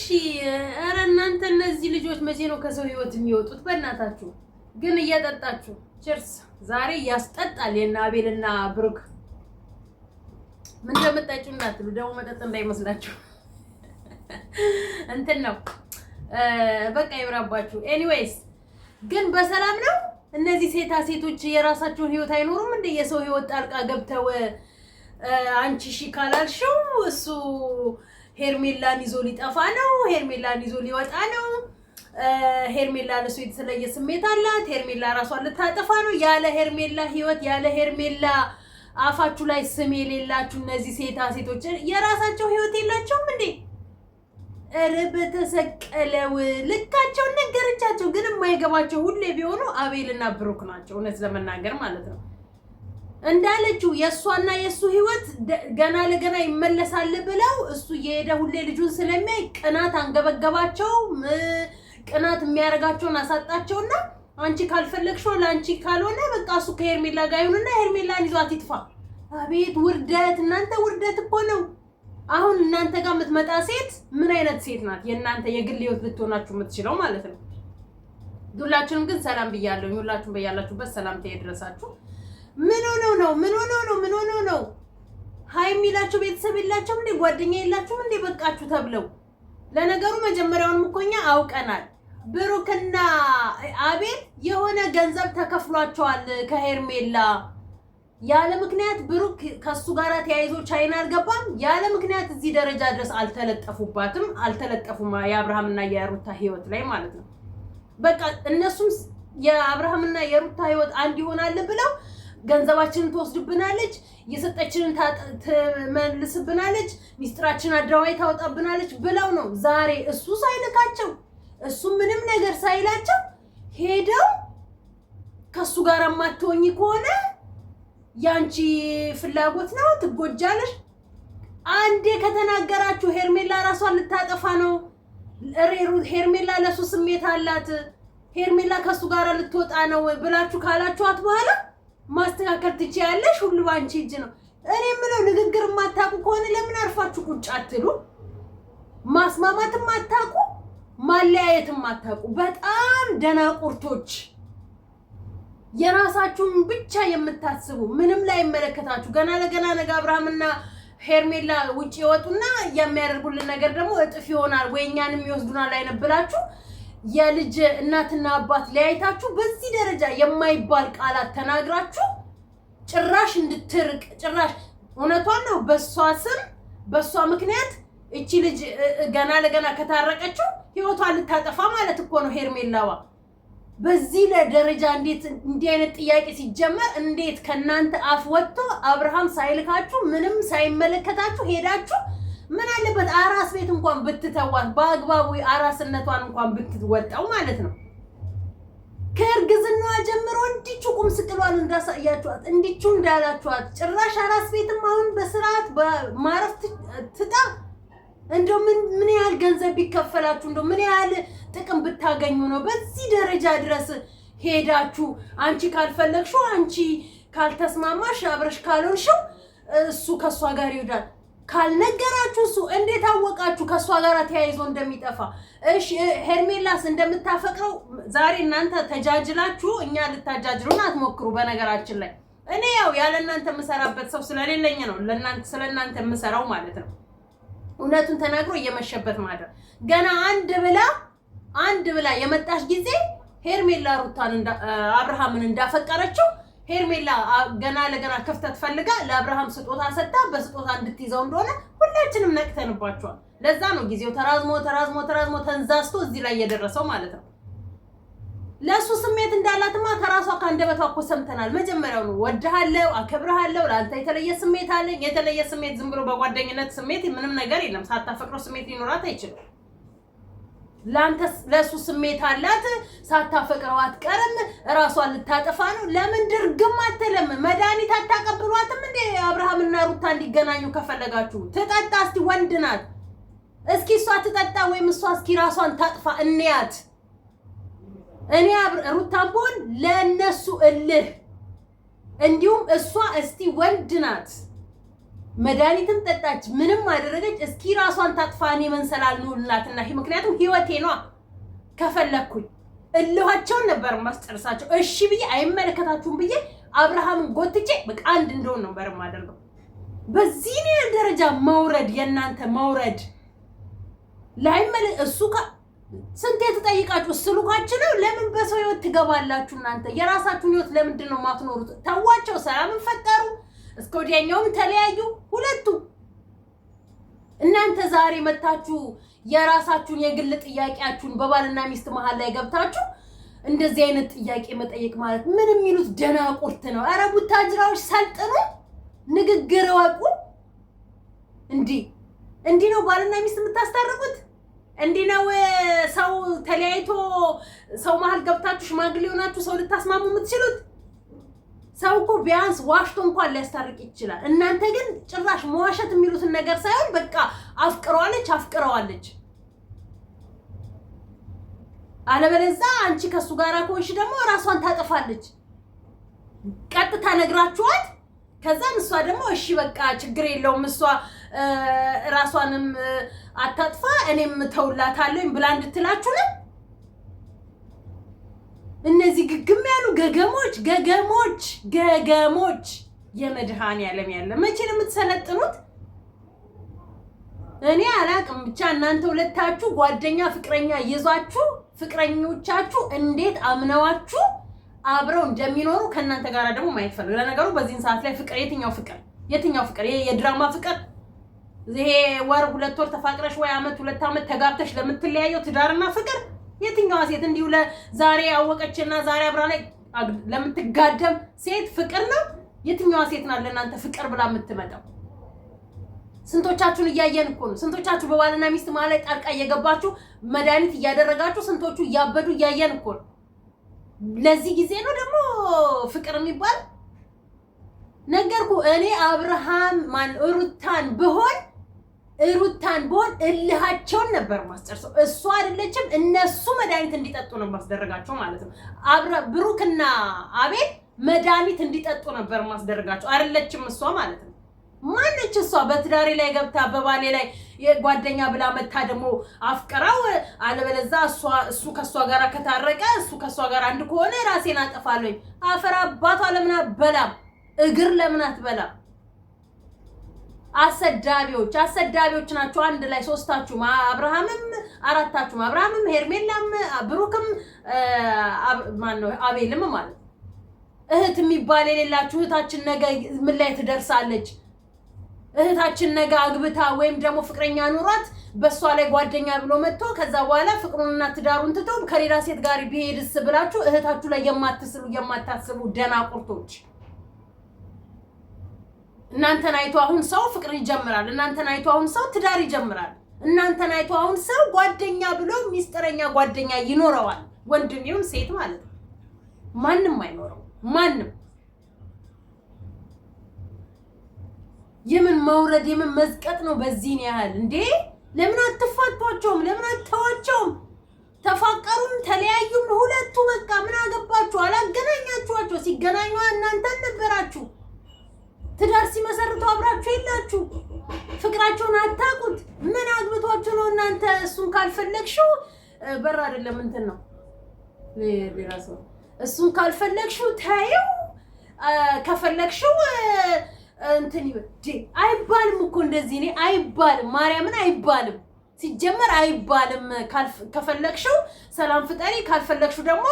እሺ፣ ኧረ እናንተ እነዚህ ልጆች መቼ ነው ከሰው ህይወት የሚወጡት? በእናታችሁ ግን እያጠጣችሁ ችርስ። ዛሬ ያስጠጣል። የእነ አቤልና ብሩክ ምን እንደምጠጪው እንዳትሉ፣ ደግሞ መጠጥ እንዳይመስላችሁ እንትን ነው በቃ ይብራባችሁ። ኤኒዌይስ ግን በሰላም ነው። እነዚህ ሴታ ሴቶች የራሳቸውን ህይወት አይኖሩም እንደ የሰው ህይወት ጣልቃ ገብተው አንቺ ሺ ካላልሽው እሱ ሄርሜላን ይዞ ሊጠፋ ነው፣ ሄርሜላን ይዞ ሊወጣ ነው፣ ሄርሜላ ለሱ የተለየ ስሜት አላት፣ ሄርሜላ ራሷን ልታጠፋ ነው። ያለ ሄርሜላ ህይወት፣ ያለ ሄርሜላ አፋችሁ ላይ ስም የሌላችሁ እነዚህ ሴታ ሴቶች የራሳቸው ህይወት የላቸውም እንዴ? ኧረ በተሰቀለው ልካቸውን ነገረቻቸው። ግን የማይገባቸው ሁሌ ቢሆኑ አቤልና ብሩክ ናቸው፣ እውነት ለመናገር ማለት ነው። እንዳለችው የእሷና የእሱ ህይወት ገና ለገና ይመለሳል ብለው እሱ እየሄደ ሁሌ ልጁን ስለሚያይ ቅናት አንገበገባቸው። ቅናት የሚያደርጋቸውን አሳጣቸውና አንቺ ካልፈለግሽው ለአንቺ ካልሆነ በቃ እሱ ከሄርሜላ ጋር ይሁንና ሄርሜላን ይዟት ይጥፋ። አቤት ውርደት! እናንተ ውርደት እኮ ነው። አሁን እናንተ ጋር የምትመጣ ሴት ምን አይነት ሴት ናት? የእናንተ የግል ህይወት ልትሆናችሁ የምትችለው ማለት ነው። ሁላችንም ግን ሰላም ብያለሁኝ። ሁላችሁም በያላችሁበት ሰላምታ ይድረሳችሁ። ምን ሆኖ ነው? ምን ሆኖ ነው? ምን ሆኖ ነው? ሀይ የሚላቸው ቤተሰብ የላቸውም እንዴ? ጓደኛ የላቸውም እንዴ? በቃችሁ ተብለው። ለነገሩ መጀመሪያውን እኮ አውቀናል። ብሩክና አቤል የሆነ ገንዘብ ተከፍሏቸዋል ከሄርሜላ ያለ ምክንያት ብሩክ ከሱ ጋር ተያይዞ ቻይና አልገባም። ያለ ምክንያት እዚህ ደረጃ ድረስ አልተለጠፉባትም፣ አልተለጠፉም የአብርሃምና የሩታ ህይወት ላይ ማለት ነው። በቃ እነሱም የአብርሃምና የሩታ ህይወት አንድ ይሆናል ብለው ገንዘባችንን ትወስድብናለች፣ የሰጠችንን ትመልስብናለች፣ ሚስጥራችን አድራዋይ ታወጣብናለች ብለው ነው ዛሬ እሱ ሳይልካቸው እሱ ምንም ነገር ሳይላቸው ሄደው ከእሱ ጋር ማትወኝ ከሆነ ያንቺ ፍላጎት ነው፣ ትጎጃለሽ። አንዴ ከተናገራችሁ ሄርሜላ ራሷን ልታጠፋ ነው። ሄርሜላ ለሱ ስሜት አላት፣ ሄርሜላ ከእሱ ጋር ልትወጣ ነው ብላችሁ ካላችኋት በኋላ ማስተካከል ትችያለሽ። ሁሉ ባንቺ እጅ ነው። እኔ የምለው ንግግር የማታውቁ ከሆነ ለምን አርፋችሁ ቁጭ አትሉ? ማስማማት የማታውቁ ማለያየት የማታውቁ በጣም ደናቁርቶች፣ የራሳችሁን ብቻ የምታስቡ ምንም ላይ ይመለከታችሁ። ገና ለገና ነገ አብርሃምና ሄርሜላ ውጭ ይወጡና የሚያደርጉልን ነገር ደግሞ እጥፍ ይሆናል ወይ እኛንም ይወስዱናል አይነብላችሁ የልጅ እናትና አባት ለያይታችሁ በዚህ ደረጃ የማይባል ቃላት ተናግራችሁ ጭራሽ እንድትርቅ ጭራሽ እውነቷን ነው። በእሷ ስም በእሷ ምክንያት እቺ ልጅ ገና ለገና ከታረቀችው ህይወቷን ልታጠፋ ማለት እኮ ነው። ሄርሜላዋ በዚህ ለደረጃ እንዴት እንዲህ አይነት ጥያቄ ሲጀመር እንዴት ከእናንተ አፍ ወጥቶ አብርሃም ሳይልካችሁ ምንም ሳይመለከታችሁ ሄዳችሁ ምን አለበት አራስ ቤት እንኳን ብትተዋት በአግባቡ አራስነቷን እንኳን ብትወጣው ማለት ነው። ከእርግዝናዋ ጀምሮ እንዲቹ ቁም ስቅሏን እንዳሳያችኋት እንዲቹ እንዳላችኋት ጭራሽ አራስ ቤትም አሁን በስርዓት በማረፍ ትጣ እንደው ምን ያህል ገንዘብ ቢከፈላችሁ እንደ ምን ያህል ጥቅም ብታገኙ ነው በዚህ ደረጃ ድረስ ሄዳችሁ አንቺ ካልፈለግሽው አንቺ ካልተስማማሽ አብረሽ ካልሆንሽው እሱ ከእሷ ጋር ይሄዳል። ካልነገራችሁ እሱ እንዴት አወቃችሁ ከእሷ ጋር ተያይዞ እንደሚጠፋ? እሺ ሄርሜላስ እንደምታፈቅረው ዛሬ እናንተ ተጃጅላችሁ እኛ ልታጃጅሉን አትሞክሩ። በነገራችን ላይ እኔ ያው ያለ እናንተ የምሰራበት ሰው ስለሌለኝ ነው ስለ እናንተ የምሰራው ማለት ነው። እውነቱን ተናግሮ እየመሸበት ማደር ገና አንድ ብላ አንድ ብላ የመጣች ጊዜ ሄርሜላ ሩታን አብርሃምን እንዳፈቀረችው ሄርሜላ ገና ለገና ክፍተት ፈልጋ ለአብርሃም ስጦታ ሰጣ፣ በስጦታ እንድትይዘው እንደሆነ ሁላችንም ነቅተንባቸዋል። ለዛ ነው ጊዜው ተራዝሞ ተራዝሞ ተራዝሞ ተንዛዝቶ እዚህ ላይ እየደረሰው ማለት ነው። ለእሱ ስሜት እንዳላትማ ከራሷ ከአንደበቷ እኮ ሰምተናል። መጀመሪያው ነው ወድሃለው፣ አከብርሃለሁ፣ ለአንተ የተለየ ስሜት አለኝ። የተለየ ስሜት ዝም ብሎ በጓደኝነት ስሜት ምንም ነገር የለም። ሳታፈቅረው ስሜት ሊኖራት አይችልም። ለአንተ ለእሱ ስሜት አላት። ሳታፈቅረው አትቀርም። እራሷን ልታጠፋ ነው። ለምን ድርግም አትልም? መድኃኒት አታቀብሏትም እንዴ? አብርሃምና ሩታ እንዲገናኙ ከፈለጋችሁ ትጠጣ እስቲ፣ ወንድ ናት። እስኪ እሷ ትጠጣ ወይም እሷ እስኪ ራሷን ታጥፋ እንያት። እኔ ሩታም ብሆን ለእነሱ እልህ እንዲሁም እሷ እስቲ ወንድ ናት። መድኃኒትም ጠጣች፣ ምንም አደረገች። እስኪ ራሷን ታጥፋ እኔ መንሰላል ንውልላትና ምክንያቱም ህይወቴ ነዋ። ከፈለግኩኝ እልኋቸውን ነበር ማስጨርሳቸው። እሺ ብዬ አይመለከታችሁም ብዬ አብርሃምን ጎትቼ በቃ አንድ እንደሆን ነበር የማደርገው። በዚህ ደረጃ መውረድ የእናንተ መውረድ ላይመለ እሱ ስንቴ ትጠይቃችሁ ስሉካችሁ ነው። ለምን በሰው ህይወት ትገባላችሁ? እናንተ የራሳችሁን ህይወት ለምንድን ነው የማትኖሩት? ተዋቸው። ሰላምን ፈጠሩ። እስከ ወዲያኛውም ተለያዩ ሁለቱ። እናንተ ዛሬ መታችሁ የራሳችሁን የግል ጥያቄያችሁን በባልና ሚስት መሀል ላይ ገብታችሁ እንደዚህ አይነት ጥያቄ መጠየቅ ማለት ምን የሚሉት ደናቁርት ነው። ኧረ ቡታጅራዎች ሰልጥኑ፣ ንግግር ወቁ። እንዲህ እንዲህ ነው ባልና ሚስት የምታስታርቁት? እንዲህ ነው ሰው ተለያይቶ ሰው መሀል ገብታችሁ ሽማግሌ ሆናችሁ ሰው ልታስማሙ የምትችሉት? ሰው እኮ ቢያንስ ዋሽቶ እንኳን ሊያስታርቅ ይችላል። እናንተ ግን ጭራሽ መዋሸት የሚሉትን ነገር ሳይሆን በቃ አፍቅረዋለች አፍቅረዋለች። አለበለዛ አንቺ ከሱ ጋር ከሆንሽ ደግሞ ራሷን ታጠፋለች። ቀጥታ ነግራችኋት፣ ከዛም እሷ ደግሞ እሺ በቃ ችግር የለውም እሷ ራሷንም አታጥፋ እኔም ተውላታለኝ ብላ እንድትላችሁ ነው እነዚህ ግግም ያሉ ገገሞች ገገሞች ገገሞች ያለም ያለ መቼ ነው የምትሰለጥኑት? እኔ አላቅም። ብቻ እናንተ ሁለታችሁ ጓደኛ ፍቅረኛ ይዟችሁ ፍቅረኞቻችሁ እንዴት አምነዋችሁ አብረው እንደሚኖሩ ከእናንተ ጋር ደግሞ ማየት ፈለ ለነገሩ በዚህን ሰዓት ላይ ፍቅር የትኛው ፍቅር የትኛው ፍቅር የድራማ ፍቅር ይሄ ወር ሁለት ወር ተፋቅረሽ ወይ አመት ሁለት አመት ተጋብተሽ ለምትለያየው ትዳርና ፍቅር የትኛዋ ሴት እንዲሁ ለዛሬ አወቀችና ዛሬ አብራ ላይ ለምትጋደም ሴት ፍቅር ነው? የትኛዋ ሴት ናት ለእናንተ ፍቅር ብላ የምትመጣው? ስንቶቻችሁን እያየን እኮ ነው። ስንቶቻችሁ በባልና ሚስት መሀል ላይ ጣልቃ እየገባችሁ መድኃኒት እያደረጋችሁ ስንቶቹ እያበዱ እያየን እኮ ነው። ለዚህ ጊዜ ነው ደግሞ ፍቅር የሚባል ነገርኩ። እኔ አብርሃም ማን ሩታን ብሆን ሩታን ቦን እልሃቸውን ነበር ማስጨርሰው። እሱ አይደለችም እነሱ መድኃኒት እንዲጠጡ ነው ማስደረጋቸው ማለት ነው። ብሩክና አቤል መድኃኒት እንዲጠጡ ነበር ማስደረጋቸው። አይደለችም እሷ ማለት ነው። ማነች እሷ? በትዳሬ ላይ ገብታ በባሌ ላይ ጓደኛ ብላ መታ ደግሞ አፍቅራው፣ አለበለዛ እሱ ከእሷ ጋር ከታረቀ እሱ ከእሷ ጋር አንድ ከሆነ ራሴን አጠፋለኝ። አፈር አባቷ ለምን አትበላም? እግር ለምን አትበላም? አሰዳቢዎች አሰዳቢዎች ናቸው። አንድ ላይ ሶስታችሁም፣ አብርሃምም አራታችሁም፣ አብርሃምም፣ ሄርሜላም፣ ብሩክም ማን ነው አቤልም ማለት እህት የሚባል የሌላችሁ እህታችን ነገ ምን ላይ ትደርሳለች? እህታችን ነገ አግብታ ወይም ደግሞ ፍቅረኛ ኑሯት በእሷ ላይ ጓደኛ ብሎ መጥቶ ከዛ በኋላ ፍቅሩንና ትዳሩን ትቶ ከሌላ ሴት ጋር ቢሄድስ ብላችሁ እህታችሁ ላይ የማትስሉ የማታስቡ ደናቁርቶች እናንተን አይቶ አሁን ሰው ፍቅር ይጀምራል። እናንተን አይቶ አሁን ሰው ትዳር ይጀምራል። እናንተን አይቶ አሁን ሰው ጓደኛ ብሎ ሚስጥረኛ ጓደኛ ይኖረዋል። ወንድም ሴት ማለት ነው። ማንም አይኖረው ማንም የምን መውረድ የምን መዝቀጥ ነው? በዚህን ያህል እንዴ! ለምን አትፋቷቸውም? ለምን አትተዋቸውም? ተፋቀሩም ተለያዩም፣ ሁለቱ በቃ ምን አገባችሁ? አላገናኛችኋቸው። ሲገናኙ እናንተን ነበራችሁ። ትዳር ሲመሰርቱ አብራችሁ የላችሁ፣ ፍቅራቸውን አታውቁት። ምን አግብቷችሁ ነው እናንተ? እሱን ካልፈለግሽው በር አይደለም እንትን ነው ራሱ እሱን ካልፈለግሽው ታየው ከፈለግሽው እንትን አይባልም እኮ እንደዚህ። እኔ አይባልም ማርያምን አይባልም፣ ሲጀመር አይባልም። ከፈለግሽው ሰላም ፍጠሪ፣ ካልፈለግሽው ደግሞ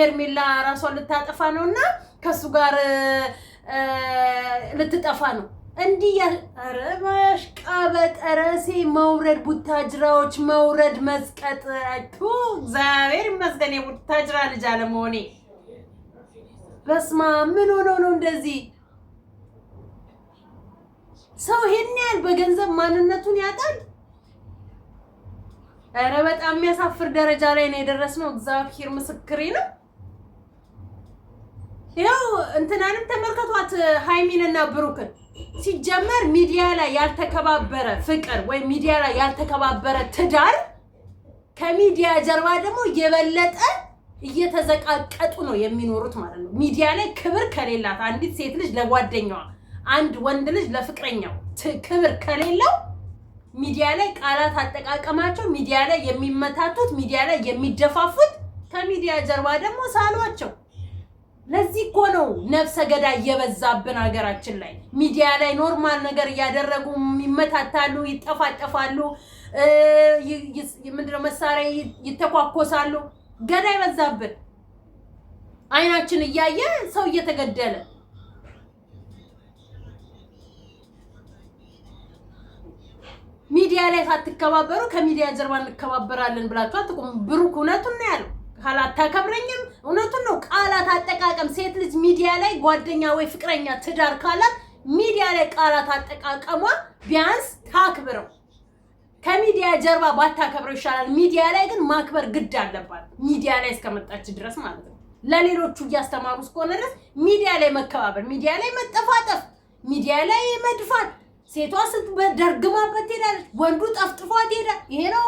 ሄርሜላ ራሷን ልታጠፋ ነው እና ከእሱ ጋር ልትጠፋ ነው። እንዲህ ኧረ ማሽቃበጥ፣ ኧረ መውረድ፣ ቡታጅራዎች መውረድ፣ መስቀጥ። ቱ እግዚአብሔር ይመስገን የቡታጅራ ልጅ አለመሆኔ። በስማ ምን ሆነው ነው እንደዚህ ሰው ይሄን ያህል በገንዘብ ማንነቱን ያጣል? ኧረ በጣም የሚያሳፍር ደረጃ ላይ ነው የደረስነው። እግዚአብሔር ምስክሬ ነው። ይኸው እንትናንም ተመልከቷት ሀይሚንና ብሩክን። ሲጀመር ሚዲያ ላይ ያልተከባበረ ፍቅር ወይም ሚዲያ ላይ ያልተከባበረ ትዳር ከሚዲያ ጀርባ ደግሞ የበለጠ እየተዘቃቀጡ ነው የሚኖሩት ማለት ነው። ሚዲያ ላይ ክብር ከሌላት አንዲት ሴት ልጅ ለጓደኛዋ፣ አንድ ወንድ ልጅ ለፍቅረኛው ክብር ከሌለው ሚዲያ ላይ ቃላት አጠቃቀማቸው፣ ሚዲያ ላይ የሚመታቱት፣ ሚዲያ ላይ የሚደፋፉት ከሚዲያ ጀርባ ደግሞ ሳሏቸው ለዚህ እኮ ነው ነፍሰ ገዳይ እየበዛብን ሀገራችን ላይ ሚዲያ ላይ ኖርማል ነገር እያደረጉ ይመታታሉ፣ ይጠፋጠፋሉ፣ ምንድነው መሳሪያ ይተኳኮሳሉ። ገዳይ በዛብን። አይናችን እያየ ሰው እየተገደለ ሚዲያ ላይ ሳትከባበሩ ከሚዲያ ጀርባ እንከባበራለን ብላችሁ ብሩክ እውነቱን ነው ያለው። ካላታከብረኝም እውነቱን ቃላት አጠቃቀም ሴት ልጅ ሚዲያ ላይ ጓደኛ ወይ ፍቅረኛ ትዳር ካላት ሚዲያ ላይ ቃላት አጠቃቀሟ ቢያንስ ታክብረው። ከሚዲያ ጀርባ ባታከብረው ይሻላል። ሚዲያ ላይ ግን ማክበር ግድ አለባት። ሚዲያ ላይ እስከመጣች ድረስ ማለት ነው። ለሌሎቹ እያስተማሩ እስከሆነ ድረስ ሚዲያ ላይ መከባበር፣ ሚዲያ ላይ መጠፋጠፍ፣ ሚዲያ ላይ መድፋት ሴቷ ስትደርግማበት ትሄዳለች፣ ወንዱ ጠፍጥፏት ትሄዳል ይሄ ነው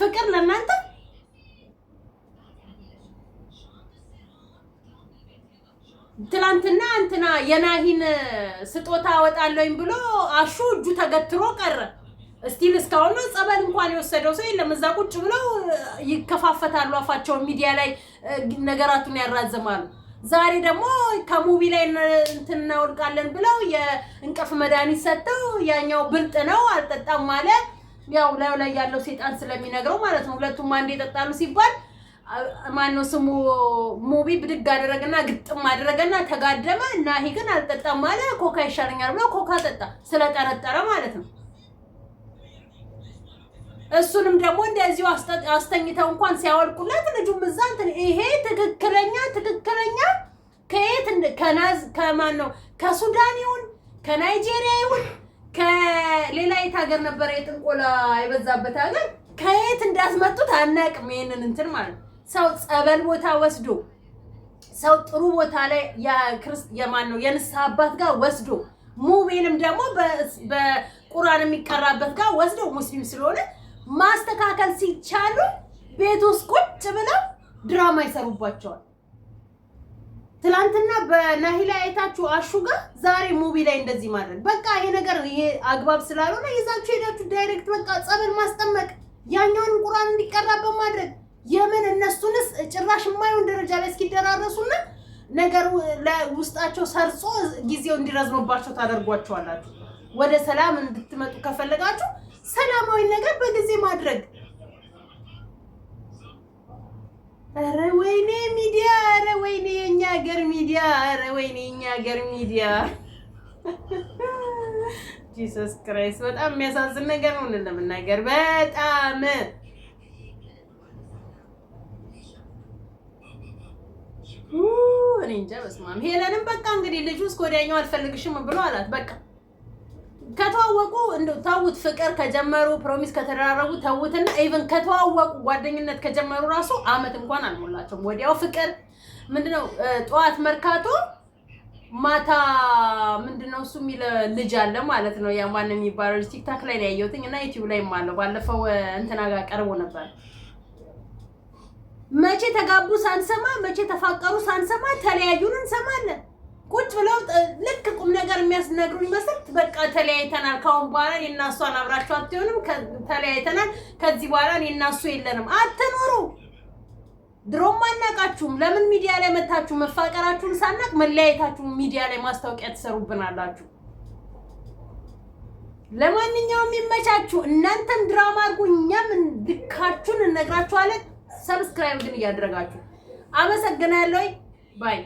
ፍቅር ለእናንተ ትላንትና እንትና የናሂን ስጦታ አወጣለኝ ብሎ አሹ እጁ ተገትሮ ቀረ። እስቲል እስካሁን ጸበል እንኳን የወሰደው ሰው የለም። እዛ ቁጭ ብለው ይከፋፈታሉ፣ አፋቸውን ሚዲያ ላይ ነገራቱን ያራዝማሉ። ዛሬ ደግሞ ከሙቪ ላይ እንትን እናወልቃለን ብለው የእንቀፍ መድኃኒት ሰጥተው ያኛው ብልጥ ነው አልጠጣም ማለ ያው ላዩ ላይ ያለው ሴጣን ስለሚነግረው ማለት ነው። ሁለቱም አንድ የጠጣሉ ሲባል ማነው ስሙ ሙቢ ብድግ አደረገና ግጥም አደረገና ተጋደመ እና ይሄ ግን አልጠጣም ማለ ኮካ ይሻለኛል ብሎ ኮካ ጠጣ ስለጠረጠረ ማለት ነው። እሱንም ደግሞ እንደዚሁ አስተኝተው እንኳን ሲያወልቁለት ልጁም እዛ እንትን ይሄ ትክክለኛ ትክክለኛ ከየት ከናዝ ከማን ነው ከሱዳን ይሁን ከናይጄሪያ ይሁን ከሌላ የት ሀገር ነበረ የጥንቆላ የበዛበት ሀገር ከየት እንዳስመጡት አናቅም። ይሄንን እንትን ማለት ነው ሰው ጸበል ቦታ ወስዶ ሰው ጥሩ ቦታ ላይ የማን ነው የንስሐ አባት ጋር ወስዶ ሙቤንም ደግሞ በቁርአን የሚቀራበት ጋር ወስዶ ሙስሊም ስለሆነ ማስተካከል ሲቻሉ ቤት ውስጥ ቁጭ ብለው ድራማ ይሰሩባቸዋል። ትላንትና በናሂላ አይታችሁ አሹ ጋር ዛሬ ሙቪ ላይ እንደዚህ ማድረግ በቃ ይሄ ነገር ይሄ አግባብ ስላልሆነ ይዛችሁ ሄዳችሁ ዳይሬክት በቃ ጸበል ማስጠመቅ ያኛውን ቁርአን እንዲቀራበት ማድረግ የምን እነሱንስ ጭራሽ የማየውን ደረጃ ላይ እስኪደራረሱና ነገሩ ውስጣቸው ሰርጾ ጊዜው እንዲረዝምባቸው ታደርጓቸዋላችሁ። ወደ ሰላም እንድትመጡ ከፈለጋችሁ ሰላማዊ ነገር በጊዜ ማድረግ። ኧረ ወይኔ ሚዲያ፣ ኧረ ወይኔ የኛ ሀገር ሚዲያ፣ ኧረ ወይኔ የኛ ሀገር ሚዲያ። ጂሰስ ክራይስት በጣም የሚያሳዝን ነገር ነው ለመናገር በጣም እኔ እንጃ። በስመ አብ ሄለንም በቃ እንግዲህ ልጁ እስከ ወዲያኛው አልፈልግሽም ብሎ አላት። በቃ ከተዋወቁ እንደው ተውት፣ ፍቅር ከጀመሩ ፕሮሚስ ከተደራረቡ ተውትና፣ ኢቭን ከተዋወቁ ጓደኝነት ከጀመሩ ራሱ አመት እንኳን አልሞላቸውም። ወዲያው ፍቅር ምንድነው ጠዋት መርካቶ ማታ ምንድነው እሱ የሚል ልጅ አለ ማለት ነው። ያ ማን የሚባለው ቲክታክ ላይ ነው ያየሁትኝ እና ዩቲዩብ ላይ አለው። ባለፈው እንትና ጋር ቀርቦ ነበር መቼ ተጋቡ ሳንሰማ፣ መቼ ተፋቀሩ ሳንሰማ፣ ተለያዩን እንሰማለን። ቁጭ ብለው ልክ ቁም ነገር የሚያስነግሩ ይመስል በቃ ተለያይተናል፣ ካሁን በኋላ እኔና እሷን አብራችሁ አትሆንም፣ ተለያይተናል፣ ከዚህ በኋላ እኔና እሱ የለንም፣ አትኖሩ። ድሮም አናቃችሁም። ለምን ሚዲያ ላይ መታችሁ መፋቀራችሁን ሳናቅ መለያየታችሁን ሚዲያ ላይ ማስታወቂያ ትሰሩብናላችሁ? ለማንኛውም የሚመቻችሁ እናንተም ድራማ አድርጉ፣ እኛም ድካችሁን እነግራችኋለን። ሰብስክራይብ ግን እያደረጋችሁ አመሰግናለሁ። ባይ